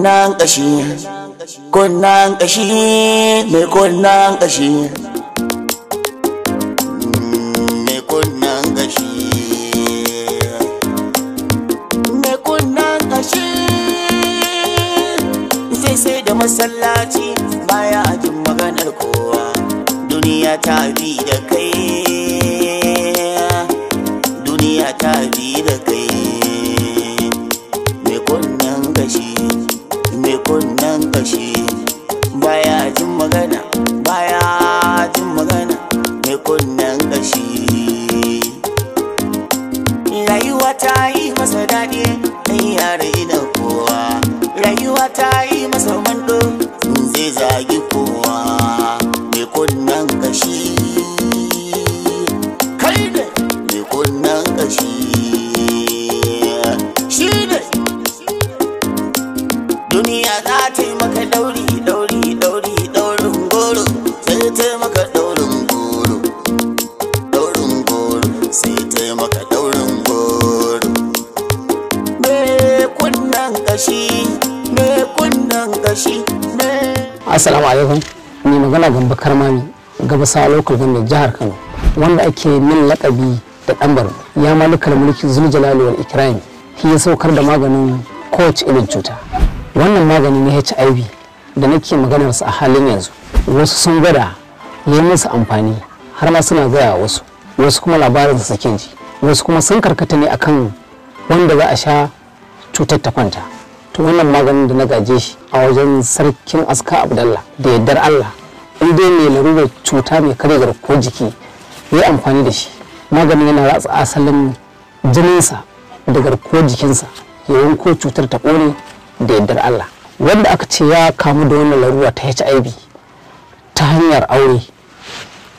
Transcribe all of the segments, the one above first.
kunnan kashi kunnan kashi mai kunnan kashi masallaci baya a jin maganar kowa duniya ta bakin magana Assalamu alaikum. Ni magana gamba karmami gabasa local government jihar Kano wanda ake min lakabi da ɗanbar ya malikar mulki zuljalali wal ikrami shi ya saukar da maganin kowace irin cuta. Wannan magani na HIV da nake maganar sa a halin yanzu wasu sun gwada yi musu amfani har ma suna gaya wasu wasu kuma labarin sakin ji wasu kuma sun karkata ne akan wanda za a sha cutar ta kwanta. to wannan maganin da na gaje shi a wajen sarkin aska abdallah da yardar allah in dai mai larurar cuta mai kare garkuwar jiki ya amfani da shi maganin yana ratsa asalin jininsa da garkuwar jikinsa ya yanko cutar ta kone da yardar allah wanda aka ce ya kamu da wannan larura ta hiv ta hanyar aure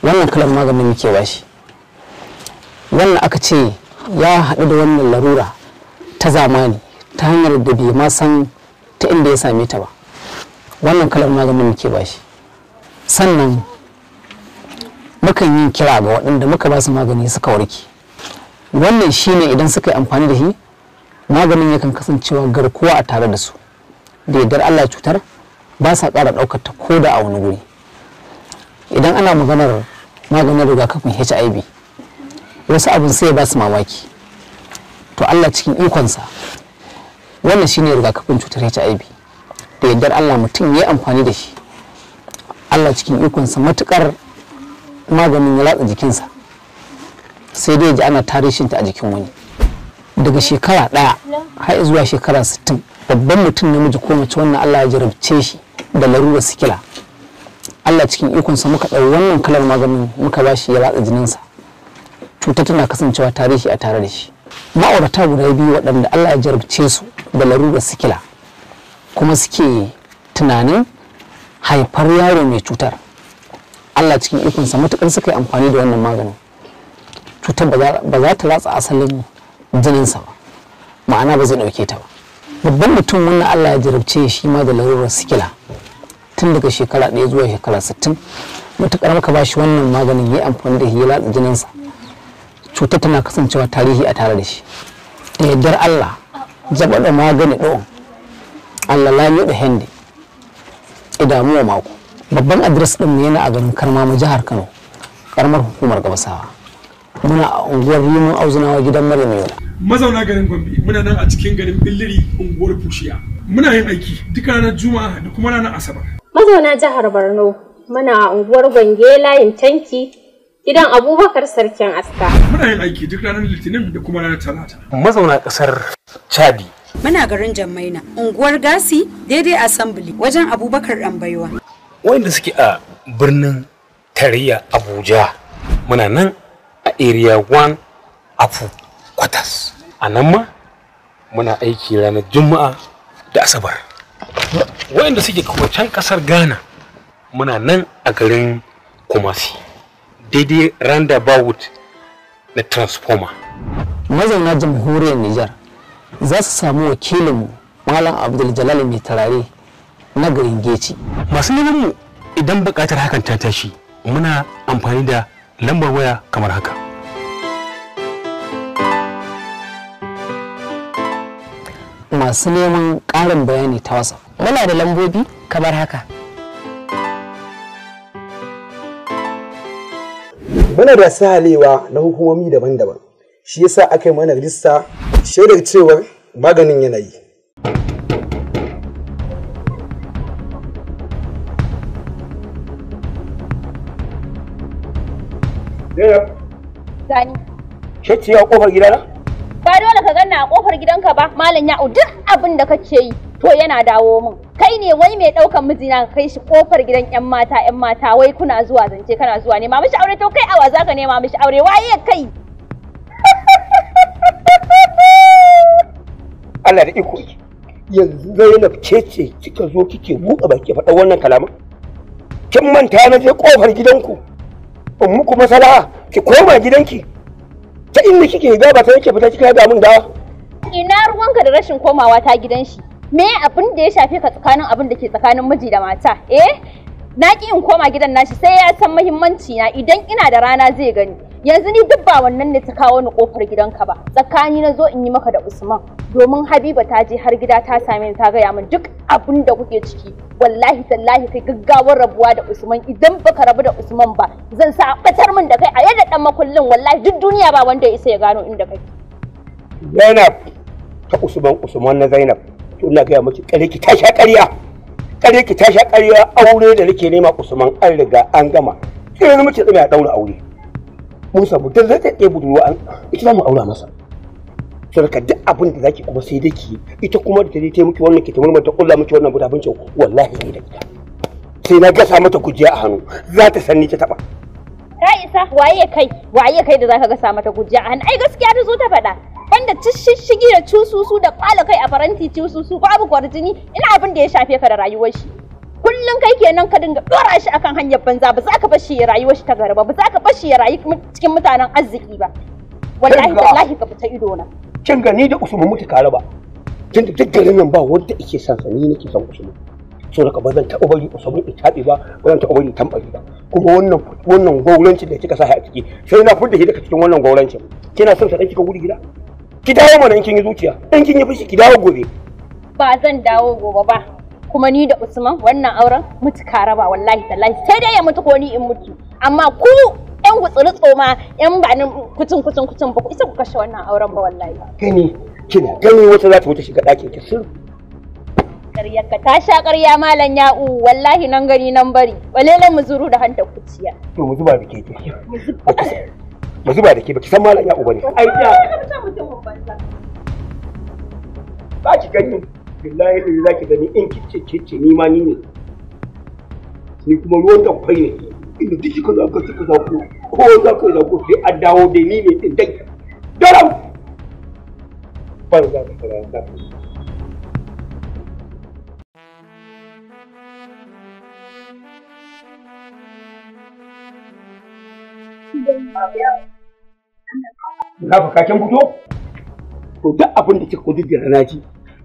wannan kalan maganin muke shi, wannan aka ce ya haɗu da wannan larura ta zamani ta hanyar da bai ma san ta inda ya same ta ba wannan kalar maganin muke ba shi sannan mukan yi kira ga waɗanda muka ba su magani suka warke wannan ne idan suka yi amfani da shi maganin yakan kasancewa garkuwa a tare da su da yardar allah cutar ba sa ƙara ɗaukar ko da a wani guri idan ana maganar maganin rigakafin hiv wasu abin sai ba su mamaki to allah cikin ikonsa wannan shine rigakafin cutar HIV da yardar Allah mutum ya amfani da shi Allah cikin ikonsa matukar maganin ya latsa jikinsa sai dai ji ana tarishin ta a jikin wani daga shekara ɗaya har zuwa shekara sittin babban mutum namiji ko mace wannan Allah ya jarabce shi da larurar sikila Allah cikin ikonsa muka ɗau wannan kalar maganin muka ba shi ya latsa jininsa cutar tana kasancewa tarihi a tare da shi ma'aurata guda biyu waɗanda Allah ya jarabce su da larurar sikila kuma suke tunanin haifar yaro mai cutar Allah cikin ikonsa matukar suka yi amfani da wannan maganin cutar ba za ta ratsa asalin jininsa ba ma'ana ba zai ɗauke ta ba babban mutum wannan Allah ya jarabce shi ma da larurar sikila tun daga shekara ɗaya zuwa shekara sittin matukar maka ba shi wannan maganin ya yi amfani da shi ya latsa jininsa cutar tana kasancewa tarihi a tare da shi da yardar Allah zaba da magani ɗon Allah yi da hende idamuwa mako babban adres ɗin yana a garin karma mu jihar Kano karamar hukumar gabasawa muna a unguwar liman auzunawa gidan maryam yau. mazauna garin gombe muna nan a cikin garin billiri unguwar fushiya muna yin aiki duk ranar juma'a da kuma ranar asabar mazauna jihar borno muna a unguwar gwange layin tanki Idan abubakar sarkin aska muna yin aiki duk ranar litinin da kuma ranar talata mazauna kasar chadi muna garin jammaina unguwar gasi daidai assembly wajen abubakar ɗan baiwa. wanda suke a birnin tarayya abuja muna nan a area 1 afu kwatas a nan ma muna aiki ranar juma'a da asabar wanda suke can kasar ghana muna nan a garin kumasi daidai roundabout na transformer mazauna jamhuriyar Nijar za su samu wakilinmu Malam Abdul Jalal mai tarare na garin Geci. Masu neman mu idan buƙatar hakan ta tashi muna amfani da lambar waya kamar haka. Masu neman ƙarin bayani ta wasa. Muna da lambobi kamar haka. muna da sahalewa na hukumomi daban-daban shi yasa aka yi mana rista shaidar cewar maganin yanayi Zainab. Sani. Shacci ya kofar gidana? Ba dole ka ganna a kofar gidanka ba, Malam Ya'u duk abin da kake yi to yana dawo min kai ne wai mai daukan mijina ka kai shi kofar gidan yan mata yan mata wai kuna zuwa zance kana zuwa ne mamishi aure to kai awa zaka nema mishi aure waye kai Allah da iko yanzu Zainab ce ce kika zo kike buɗe baki faɗa wannan kalama kin manta na je kofar gidanku in muku masala ki koma gidanki ta inda kike ga ba sai kike fita kika ga mun dawa ina ruwanka da rashin komawa ta gidan shi me abin da ya shafi ka tsakanin abin da ke tsakanin miji da mata eh na ki in koma gidan nashi sai ya san muhimmanci na idan ina da rana zai gani yanzu ni duk ba wannan ne ta kawo ni kofar gidanka ba tsakani na zo in yi maka da Usman domin Habiba ta je har gida ta same ni ta gaya min duk abin da kuke ciki wallahi tallahi kai gaggawar rabuwa da Usman idan baka rabu da Usman ba zan sa batar min da kai a yadda dan makullin wallahi duk duniya ba wanda ya isa ya gano inda kai Zainab ta Usman Usman na Zainab to ina gaya miki kare ki tasha sha ƙarya kare ki tasha ƙarya aure da nake nema Usman an riga an gama sai yanzu muke tsaya daura aure Musa bu dan zai iya budurwa an ita za mu aura masa sarka duk abin da zaki kuma sai dai ki ita kuma da ta je ta miki wannan ki ta murmur miki wannan budabin wallahi sai na gasa mata kujiya a hannu za ta san ni ta taba ta waye kai waye kai da zaka ga sa mata gujja an ai gaskiya ta zo ta faɗa banda shishigi da cususu da kwala kai a faranti cususu babu kwarjini ina abin da ya shafe ka da rayuwar shi kullum kai kenan ka dinga dora shi akan hanyar banza ba za ka bar shi ya rayuwar shi ta gari ba ba za ka bar shi ya rayu cikin mutanen arziki ba wallahi wallahi ka fita ido na kin gani da usman muke kare ba kin da nan ba wanda yake san sani ni nake son usman so daga ba zan taɓa bari usman ya taɓe ba ba zan taɓa bari ya tambari ba kuma wannan wannan gaurancin da kika sa a ciki sai na fudda shi daga cikin wannan gaurancin kina son sa dan kika gudu gida ki dawo mana in kin yi zuciya in kin yi fushi ki dawo gobe ba zan dawo gobe ba kuma ni da Usman wannan auren mutu karaba wallahi tallahi sai dai ya mutu ko ni in mutu amma ku yan gutsuri tsoma yan banin kucin kucin kucin ba ku isa ku kashe wannan auren ba wallahi gani kina gani wata za ta wuce shiga ɗakin ki sirri ƙaryarka ta sha ƙarya malam ya'u wallahi nan gani nan bari walelan mu zuru da hanta kuciya to mu zuba da ke ke mu zuba da ke baki san malam ya'u bane ai da ba ki gani billahi da za ki gani in ce ce ni ma ni ne ni kuma ruwan da kai ne inda duk ka zaka suka zaku ko za ka za ku sai a dawo da ni ne din dai daram ban za fara za Munafuka kin fito? To duk abin da kika kudura na ji.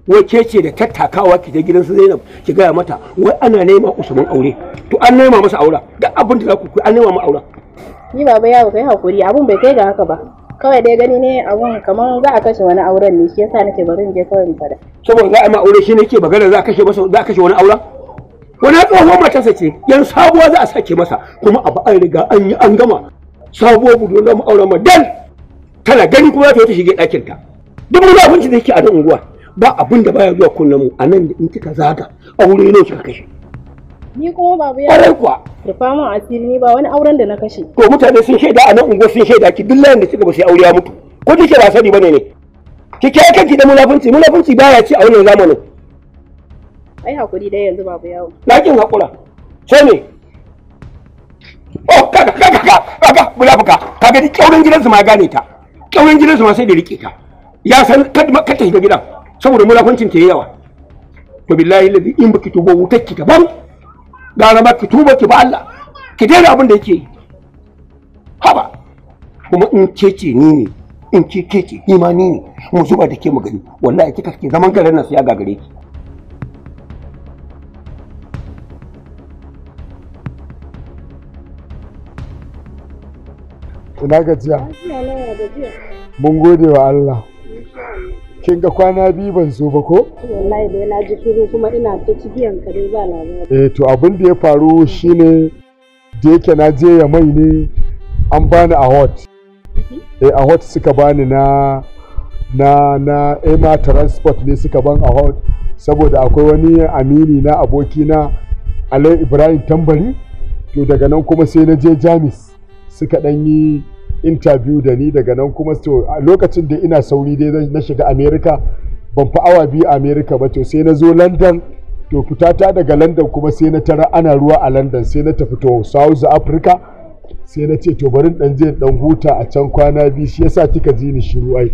Wai ke ce da tattakawa ki je gidan su Zainab ki gaya mata wai ana nema Usman aure. To an nema masa aura. Duk abin da za ku an nema mu aura. Ni baba yawo kai hakuri abin bai kai ga haka ba. Kawai dai gani ne abun kamar za a kashe wani auren ne shi yasa nake bari in je kawai in fada. Saboda za a ma aure shi ne ke bagana za a kashe masa za a kashe wani auren? Wani tsohon matarsa ce yan sabuwa za a sake masa kuma abu an riga an yi an gama sabuwar budo za mu ma dan tana gani kuma ta shige ɗakin ta duk wani abinci da yake a nan unguwa ba abin da baya zuwa kunnen mu a nan da in kika zaga wuri ne kika kashe ni kuma babu ya ƙwarai kuwa rufa min asiri ni ba wani auren da na kashe to mutane sun shaida a nan unguwa sun shaida ki duk layin da kika ba sai aure ya mutu ko kike ba sani bane ne Ki kike kanki da munafunci munafunci baya ci a wannan zamanin ai hakuri dai yanzu babu yawo lakin hakura sai oh kaga kaga kaga bulabuka kaga ni gidan gidansu ma gane ta kyauren gidansu ma sai da rike ta ya san kada ka tafi gidan saboda mulakuncin ta yawa to billahi ladhi in baki tubo wutar ki daban gara ma ki tuba ki ba Allah ki daina abin da yake yi haba kuma in kece ni ne in kece ni ma ni ne mu zuba da ke magani gani wallahi kika ke zaman garin nan sai ya gagare ki ina gajiya mun gode wa Allah kin ga kwana biyu ban so ba ko wallahi dai na ji kiro kuma ina ta cibiyan ka dai ba labari eh to abin da ya faru shine da yake na je ya mai ne an bani a hot eh a hot suka bani na na na ema transport ne suka ban a hot saboda akwai wani amini na aboki na Alai Ibrahim Tambari to daga nan kuma sai na je Jamis suka dan yi interview da ni daga nan kuma to lokacin da ina sauri dai na shiga america ban fi awa biyu america ba to sai na zo london to fitata daga london kuma sai na tara ana ruwa a london sai na tafi to south africa sai na ce to barin dan je dan huta a can kwana biyu shi yasa kika ji ni shiru ai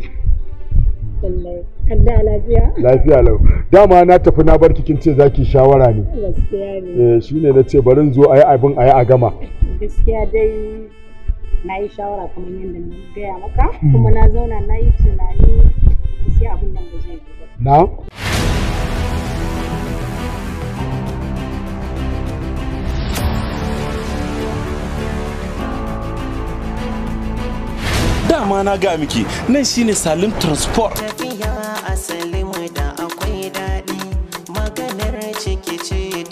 lafiya lau dama na tafi na bar kikin ce zaki shawara ne gaskiya ne eh na ce barin zo ayi abin ayi a gama gaskiya dai na yi shawara kamar yadda na gaya maka hmm. kuma na zauna na yi tunani sai abin da ba zai ba. Na? Dama na ga miki nan shine Salim Transport. Tafiya asalin da akwai daɗi maganar cike ce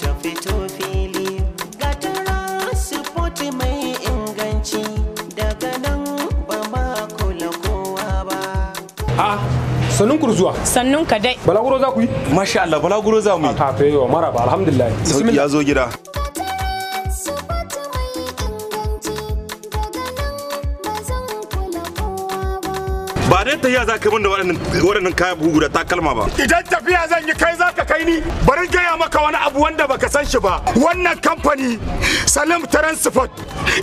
sannun zuwa sannun ka dai balaguro za ku yi masha Allah balaguro za mu yi ta yawa maraba alhamdulillah ya zo gida ba dai ta za ka min da waɗannan kaya bugu da takalma ba. Idan tafiya zan yi kai za ka kai ni bari gaya maka wani abu wanda baka san shi ba. Wannan kamfani Salim Transport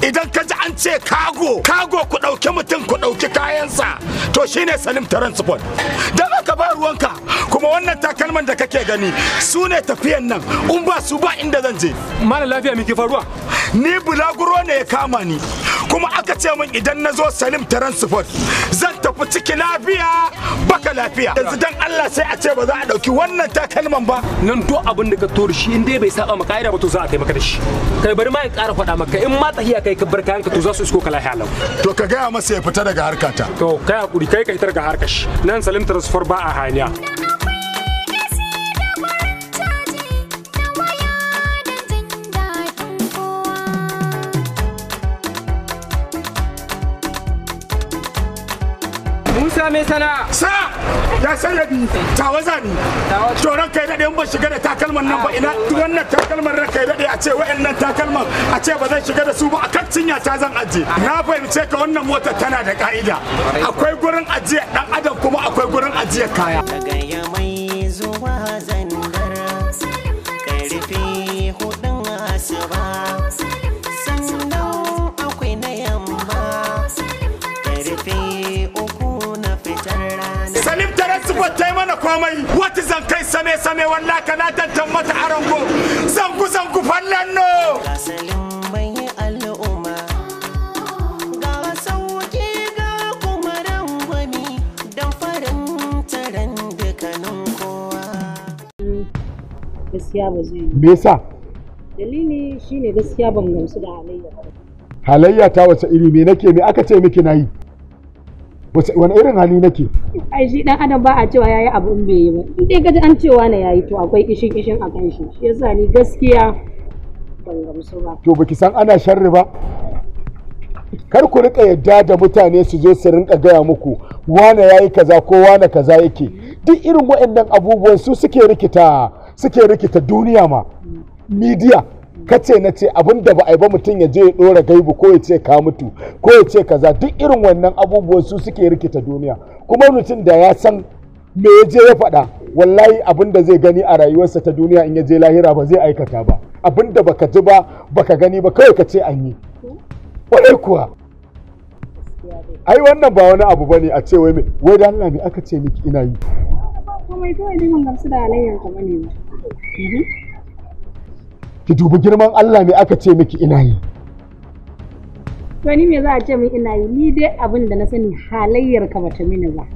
idan ka ji an ce kago kago ku ɗauki mutum ku ɗauki kayansa to shine salim transport don aka ba ruwanka kuma wannan takalman da kake gani su ne tafiyan nan in ba su ba inda zan je mara lafiya me faruwa ni bulaguro ne ya kama ni kuma aka ce min idan na zo salim transport zan tafi ciki lafiya baka lafiya yanzu dan Allah sai a ce ba za a dauki wannan takalman ba nan duk abin da ka tori shi in dai bai saba ma kaida ba to za a kai maka da shi kai bari ma in ƙara faɗa maka in ma tahiya kai ka bar kayan ka to za su isko ka lafiya lau to ka gaya masa ya fita daga harkata to kai hakuri kai ka fitar ga harkashi shi nan salim transport ba a hanya mai sa ya sanya bi tawaza ni to ran kai dade in ba shiga da takalman nan ba ah, ina wannan takalman ran kai dade a ce wa'annan takalman a ce ba zai shiga da su ba a kan cinya ta zan aje ah. na fahimce ka wannan motar tana da ka'ida akwai gurin ajiya dan adam kuma akwai gurin ajiya kaya zuwa hudun asuba ba ta yi mana komai wata zan kai same same walla kana na mata arango zanku zanku fallan no gaskiya ba zai yi me yasa dalili shine gaskiya ban gamsu da halayya halayya ta wace iri me nake me aka ce miki nayi wani irin hali nake ai shi dan adam ba a cewa yayi abu in bai yi ba in dai gaji an cewa na yayi to akwai kishin kishin a kan shi shi yasa ni gaskiya ban gamsu ba to baki san ana sharri ba kar ku rika yadda da mutane su zo su rinka gaya muku wane yayi kaza ko wane kaza yake duk irin waɗannan abubuwan su suke rikita suke rikita duniya ma midiya ka ce na ce abin da ba a yi ba mutum ya je ya dora gaibu ko ya ce ka mutu ko ya ce kaza duk irin wannan abubuwan su suke rikita duniya kuma mutum da ya san me ya je ya faɗa wallahi abin da zai gani a rayuwarsa ta duniya in ya je lahira ba zai aikata ba abin da baka ji ba baka gani ba kawai ka ce an yi wadai kuwa ai wannan ba wani abu bane a ce wai me wai da Allah me ce miki ina yi ki dubi girman Allah me aka ce miki ina yi to ni me za a ce min ina yi ni dai abin da na sani halayyar ka bata mini ba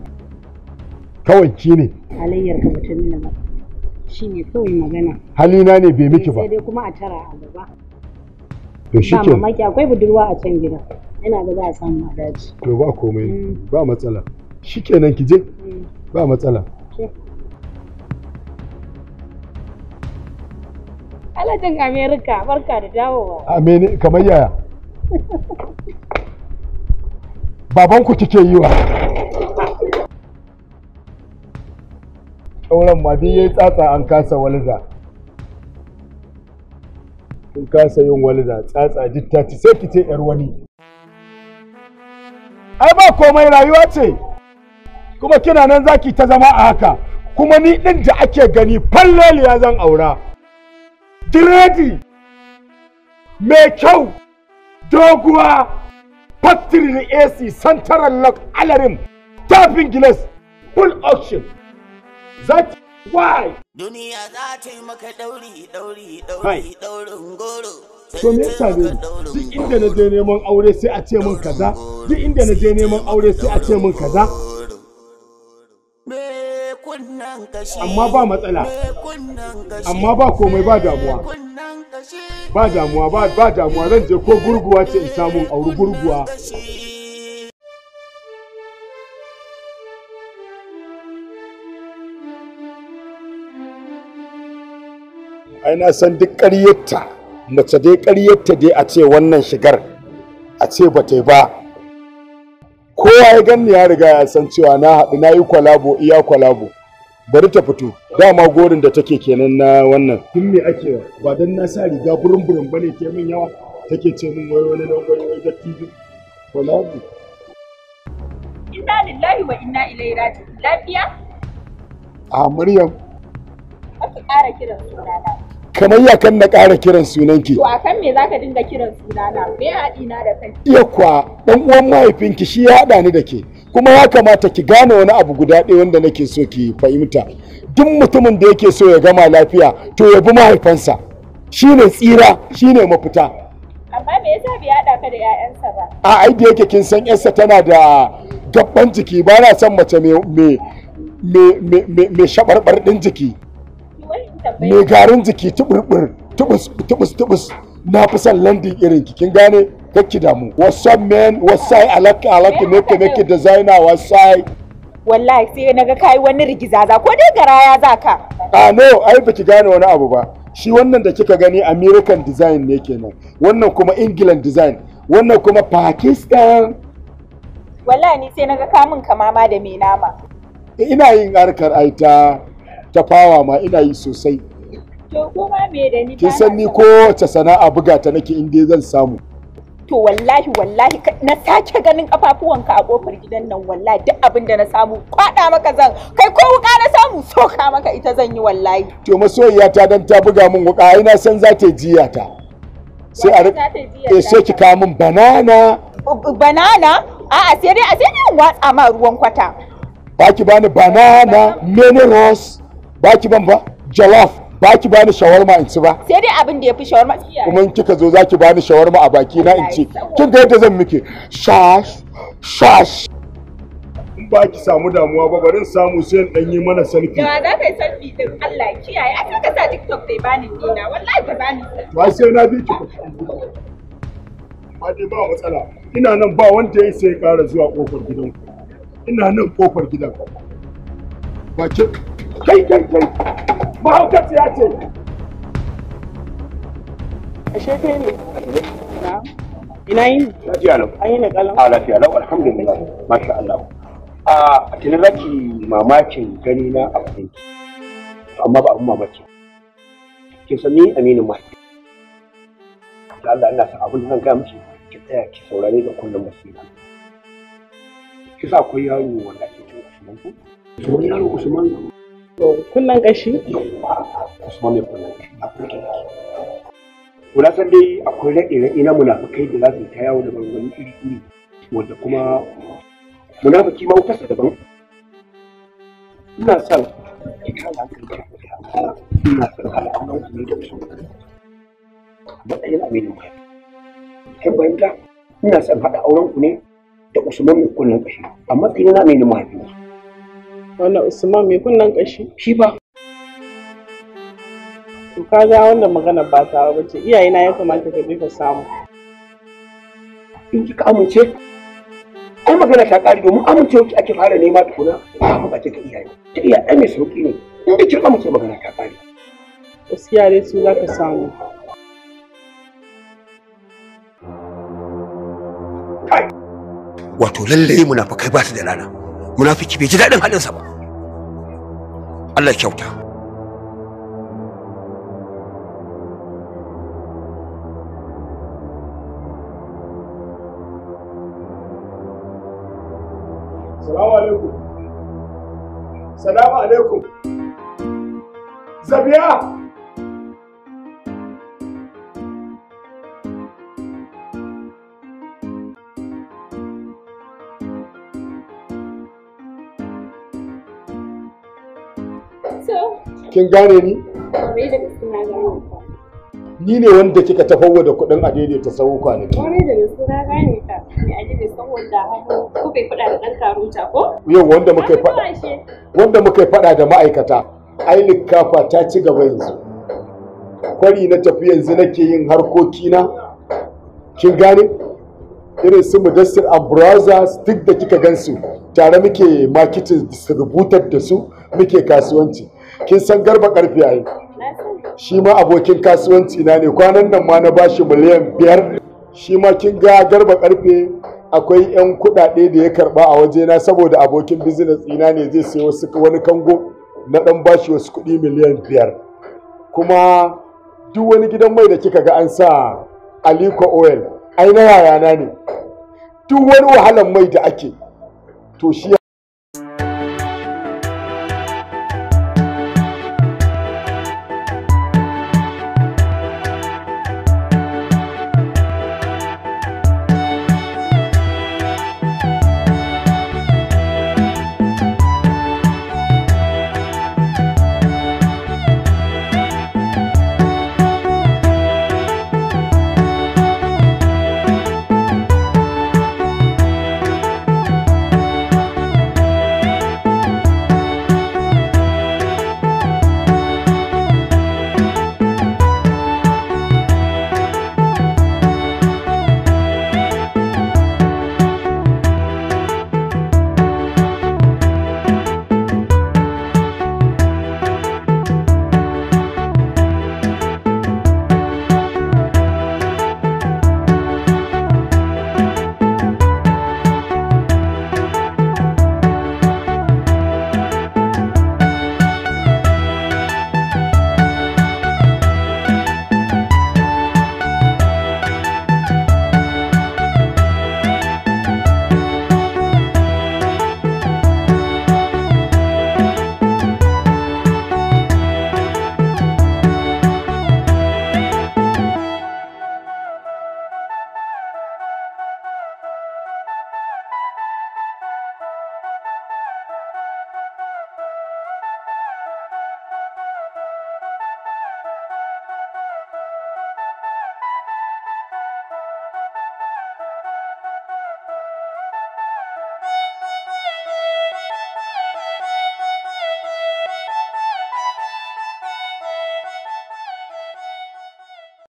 kawai ki ne halayyar ka bata mini ba ne kawai magana halina ne bai miki ba sai dai kuma a tara a gaba to ke. ba mamaki akwai budurwa a can gida ina ga za a samu a daji to ba komai mm. ba matsala shikenan ki je mm. ba matsala alhajin amerika barka da dawowa amene kamar yaya babanku kike yi wa sauran ma duk yayi tsatsa an kasa walza kun kasa yin walza tsatsa jitta ci sai kice yar wani ai ba komai rayuwa ce kuma kina nan zaki ta zama a haka kuma ni din da ake gani ya zan aura Diredi mai kyau doguwa factory AC Central Lock Alarim tafin gilas full auction. that why? Duniya za ta yi maka ɗauri ɗauri ɗauri ɗaurin goro. to me yasa ne duk inda na je neman aure sai a ce min kaza duk inda na je neman aure sai a ce min kaza amma ba matsala amma ba komai ba damuwa ba damuwa ba damuwa zan je ko gurguwa ce in samu auri gurguwa ai na san duk ƙaryarta mace dai ƙaryarta dai a ce wannan shigar a ce ba ta ba kowa ya ganni ya riga ya san cewa na haɗu na yi kwalabo iya kwalabo bari ta fito dama gorin da take kenan na wannan tun me ake ba dan na sa riga burin burin bane ke min yawa take ce min wai wani nan wani wai dattijo wallahi inna lillahi wa inna ilaihi raji'un lafiya a maryam kake ƙara kiran sunana kamar ya kan na ƙara kiran sunanki to akan me zaka dinga kiran sunana me haɗi na da kai iya kwa dan uwan mahaifinki shi ya haɗa ni da ke kuma ya kamata ki gane wani abu guda ɗaya wanda nake so ki fahimta duk mutumin da yake so ya gama lafiya to ya bi mahaifansa shine tsira shine mafita amma me yasa bai haɗa ka da ƴaƴansa ba a ai da yake kin san ƴarsa tana da gabban jiki ba na son mace me me me me me shabarbar din jiki me garin jiki tubur tubus tubus tubus na fi son landin irin ki kin gane kake damu Wasan, men Wasai, alaka alaka ne ke nake designer wasai wallahi sai na ga kai wani za ko dai garaya za ka a no ai baki gane wani abu ba shi wannan da kika gani american design ne kenan wannan kuma england design wannan kuma pakistan wallahi ni sai na ga kamun kamama da mai nama eh, ina yin harkar ai ta ta ma ina yi sosai to me da ni kin san ni ko ta sana'a buga ta nake in dai zan samu to wallahi wallahi na sake ganin kafafuwan ka a kofar gidan nan wallahi duk abin da na samu kwada maka zan kai ko wuka na samu soka maka ita zan yi wallahi to masoyiya ta dan ta buga min wuka ai na san za ta jiya ta sai a eh sai ki kawo min banana banana a'a sai dai a sai dai watsa ma ruwan kwata baki bani banana minerals baki ban ba Jalaf. ba ki bani shawarma in ci ba sai dai abin da ya fi shawarma kuma in kika zo za ki bani shawarma a baki na in ci kin ga yadda zan miki shash shash in ba ki samu damuwa ba bari in samu sai in danyi yi mana selfie da za ka yi selfie din Allah ya kiyaye aka ka sa TikTok dai bani dina wallahi ba bani ba sai na bi ki ba dai ba matsala ina nan ba wanda ya sai ƙara zuwa kofar ku. ina nan kofar gidan ba ki kai kai kai Mahaukaci ya ce ashe kai ne ina yin lafiya lau an yi na kalan a lafiya lau alhamdulillah masha Allah a tunan zaki mamakin gani na a kudin amma ba abin mamaki kin san ni aminin mahaifi da Allah ina sa abin da zan gaya miki ki tsaya ki saurare da kullum masu basira kisa akwai yaro wanda ke cin Usman ko? Wani yaro Usman Kunnan ƙashi? Usman mai kunnan ƙashi. Kuna san dai akwai raɗe-raɗe na munafukai da za su ta yawo da bangon iri-iri wanda kuma munafuki ma wutarsa daban. Ina san ki kare hankali ina son al'amuran ku ne da su. Matsayin aminin ba. Kin fahimta? Ina son haɗa auren ku ne da Usman mai kunnan ƙashi a matsayin na aminin haifi. Wanda Usman mai kunnan ƙashi? Shi ba. To ka ga wannan magana ba ta ba ce iyayena ya kamata ka je ka samu. In ka amince? ko magana ta kare domin amincewa ki ake fara nema tukuna ba ba bace ka iyaye. Ta iya ɗan mai sauki ne. In ki ka amince magana ta kare Gaskiya dai su za ka samu. Wato lallai munafukai ba su da rana. munafiki bai ji daɗin halinsa ba Allah kyauta Salamu alaikum. Salamu alaikum. Zabiya! kin gane ni ni ne wanda kika tafawo da kuɗin a daidaita sau kwanaki. Kwarai da gaske na gane ka. ni a saboda hannu kuka yi faɗa da ɗan karuta ko? Yau wanda muka yi faɗa. Wanda muka yi faɗa da ma'aikata. Ai likkafa ta ci gaba yanzu. Kwari na tafi yanzu nake yin harkokina. Kin gane? Irin su Mudassir Abraza duk da kika su. tare muke marketing distributor da su muke kasuwanci. kin san garba karfi yayi shi ma abokin kasuwanci na ne kwanan nan ma na bashi miliyan biyar shi ma kin ga garba karfe akwai yan kuɗaɗe da ya karba a wajena saboda abokin business ina ne zai sayo wasu wani kango na dan bashi wasu kuɗi miliyan biyar kuma duk wani gidan mai da kika ga an sa aliko oil ai na yayana ne duk wani wahalan mai da ake to shi